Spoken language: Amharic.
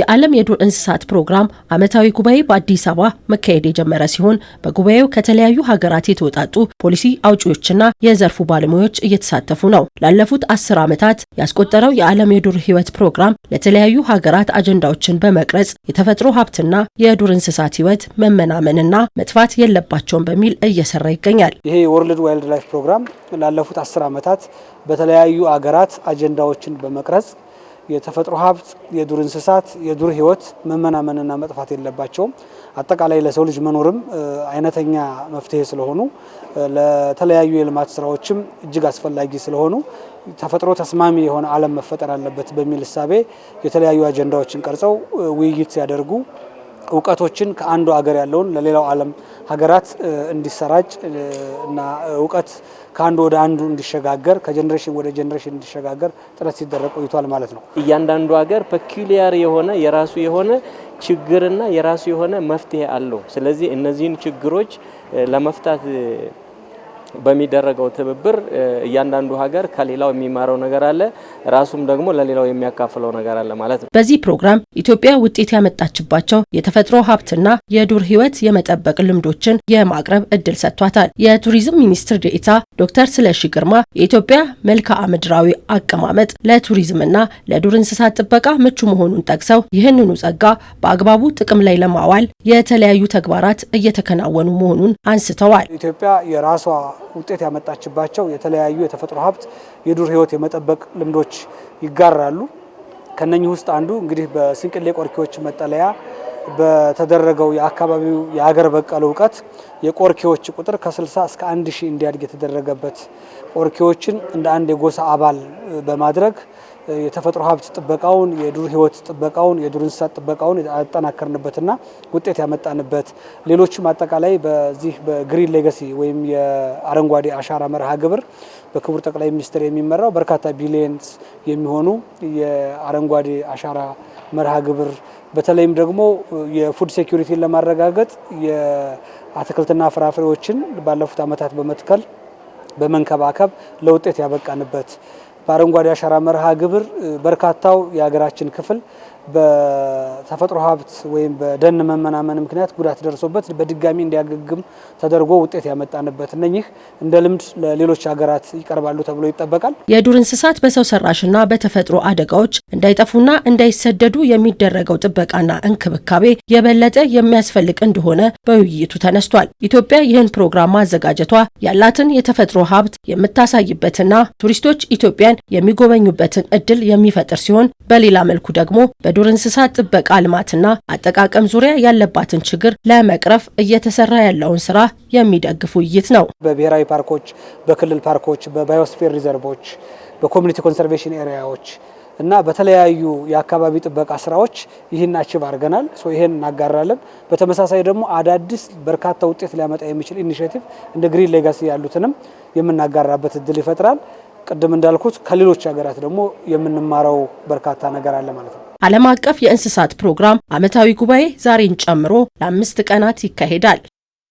የዓለም የዱር እንስሳት ፕሮግራም ዓመታዊ ጉባኤ በአዲስ አበባ መካሄድ የጀመረ ሲሆን በጉባኤው ከተለያዩ ሀገራት የተወጣጡ ፖሊሲ አውጪዎችና የዘርፉ ባለሙያዎች እየተሳተፉ ነው። ላለፉት አስር ዓመታት ያስቆጠረው የዓለም የዱር ሕይወት ፕሮግራም ለተለያዩ ሀገራት አጀንዳዎችን በመቅረጽ የተፈጥሮ ሀብትና የዱር እንስሳት ሕይወት መመናመንና መጥፋት የለባቸውን በሚል እየሰራ ይገኛል። ይሄ የወርልድ ዋይልድ ላይፍ ፕሮግራም ላለፉት አስር ዓመታት በተለያዩ ሀገራት አጀንዳዎችን በመቅረጽ የተፈጥሮ ሀብት፣ የዱር እንስሳት፣ የዱር ህይወት መመናመንና መጥፋት የለባቸውም። አጠቃላይ ለሰው ልጅ መኖርም አይነተኛ መፍትሄ ስለሆኑ ለተለያዩ የልማት ስራዎችም እጅግ አስፈላጊ ስለሆኑ ተፈጥሮ ተስማሚ የሆነ ዓለም መፈጠር አለበት በሚል እሳቤ የተለያዩ አጀንዳዎችን ቀርጸው ውይይት ሲያደርጉ እውቀቶችን ከአንዱ ሀገር ያለውን ለሌላው ዓለም ሀገራት እንዲሰራጭ እና እውቀት ከአንዱ ወደ አንዱ እንዲሸጋገር ከጀኔሬሽን ወደ ጀኔሬሽን እንዲሸጋገር ጥረት ሲደረግ ቆይቷል ማለት ነው። እያንዳንዱ ሀገር ፐኪሊያር የሆነ የራሱ የሆነ ችግርና የራሱ የሆነ መፍትሄ አለው። ስለዚህ እነዚህን ችግሮች ለመፍታት በሚደረገው ትብብር እያንዳንዱ ሀገር ከሌላው የሚማረው ነገር አለ፣ ራሱም ደግሞ ለሌላው የሚያካፍለው ነገር አለ ማለት ነው። በዚህ ፕሮግራም ኢትዮጵያ ውጤት ያመጣችባቸው የተፈጥሮ ሀብትና የዱር ህይወት የመጠበቅ ልምዶችን የማቅረብ እድል ሰጥቷታል። የቱሪዝም ሚኒስትር ዴኤታ ዶክተር ስለሺ ግርማ የኢትዮጵያ መልክዓ ምድራዊ አቀማመጥ ለቱሪዝምና ለዱር እንስሳት ጥበቃ ምቹ መሆኑን ጠቅሰው ይህንኑ ጸጋ በአግባቡ ጥቅም ላይ ለማዋል የተለያዩ ተግባራት እየተከናወኑ መሆኑን አንስተዋል። ኢትዮጵያ የራሷ ውጤት ያመጣችባቸው የተለያዩ የተፈጥሮ ሀብት የዱር ህይወት የመጠበቅ ልምዶች ይጋራሉ። ከነኚህ ውስጥ አንዱ እንግዲህ በስንቅሌ ቆርኪዎች መጠለያ በተደረገው የአካባቢው የሀገር በቀል እውቀት የቆርኪዎች ቁጥር ከ60 እስከ ሺህ እንዲያድግ የተደረገበት ቆርኪዎችን እንደ አንድ የጎሳ አባል በማድረግ የተፈጥሮ ሀብት ጥበቃውን፣ የዱር ህይወት ጥበቃውን፣ የዱር እንስሳት ጥበቃውን ያጠናከርንበትና ውጤት ያመጣንበት ሌሎችም አጠቃላይ በዚህ በግሪን ሌገሲ ወይም የአረንጓዴ አሻራ መርሃ ግብር በክቡር ጠቅላይ ሚኒስትር የሚመራው በርካታ ቢሊየንስ የሚሆኑ የአረንጓዴ አሻራ መርሃ ግብር በተለይም ደግሞ የፉድ ሴኩሪቲን ለማረጋገጥ የአትክልትና ፍራፍሬዎችን ባለፉት ዓመታት በመትከል በመንከባከብ ለውጤት ያበቃንበት በአረንጓዴ አሻራ መርሃ ግብር በርካታው የሀገራችን ክፍል በተፈጥሮ ሀብት ወይም በደን መመናመን ምክንያት ጉዳት ደርሶበት በድጋሚ እንዲያገግም ተደርጎ ውጤት ያመጣንበት እነኚህ እንደ ልምድ ለሌሎች ሀገራት ይቀርባሉ ተብሎ ይጠበቃል። የዱር እንስሳት በሰው ሰራሽና በተፈጥሮ አደጋዎች እንዳይጠፉና እንዳይሰደዱ የሚደረገው ጥበቃና እንክብካቤ የበለጠ የሚያስፈልግ እንደሆነ በውይይቱ ተነስቷል። ኢትዮጵያ ይህን ፕሮግራም ማዘጋጀቷ ያላትን የተፈጥሮ ሀብት የምታሳይበትና ቱሪስቶች ኢትዮጵያን የሚጎበኙበትን እድል የሚፈጥር ሲሆን በሌላ መልኩ ደግሞ በዱር እንስሳት ጥበቃ ልማትና አጠቃቀም ዙሪያ ያለባትን ችግር ለመቅረፍ እየተሰራ ያለውን ስራ የሚደግፍ ውይይት ነው። በብሔራዊ ፓርኮች፣ በክልል ፓርኮች፣ በባዮስፌር ሪዘርቮች፣ በኮሚኒቲ ኮንሰርቬሽን ኤሪያዎች እና በተለያዩ የአካባቢ ጥበቃ ስራዎች ይህን አችብ አድርገናል። ይህን እናጋራለን። በተመሳሳይ ደግሞ አዳዲስ በርካታ ውጤት ሊያመጣ የሚችል ኢኒሽቲቭ እንደ ግሪን ሌጋሲ ያሉትንም የምናጋራበት እድል ይፈጥራል። ቅድም እንዳልኩት ከሌሎች ሀገራት ደግሞ የምንማረው በርካታ ነገር አለ ማለት ነው። ዓለም አቀፍ የእንስሳት ፕሮግራም ዓመታዊ ጉባኤ ዛሬን ጨምሮ ለአምስት ቀናት ይካሄዳል።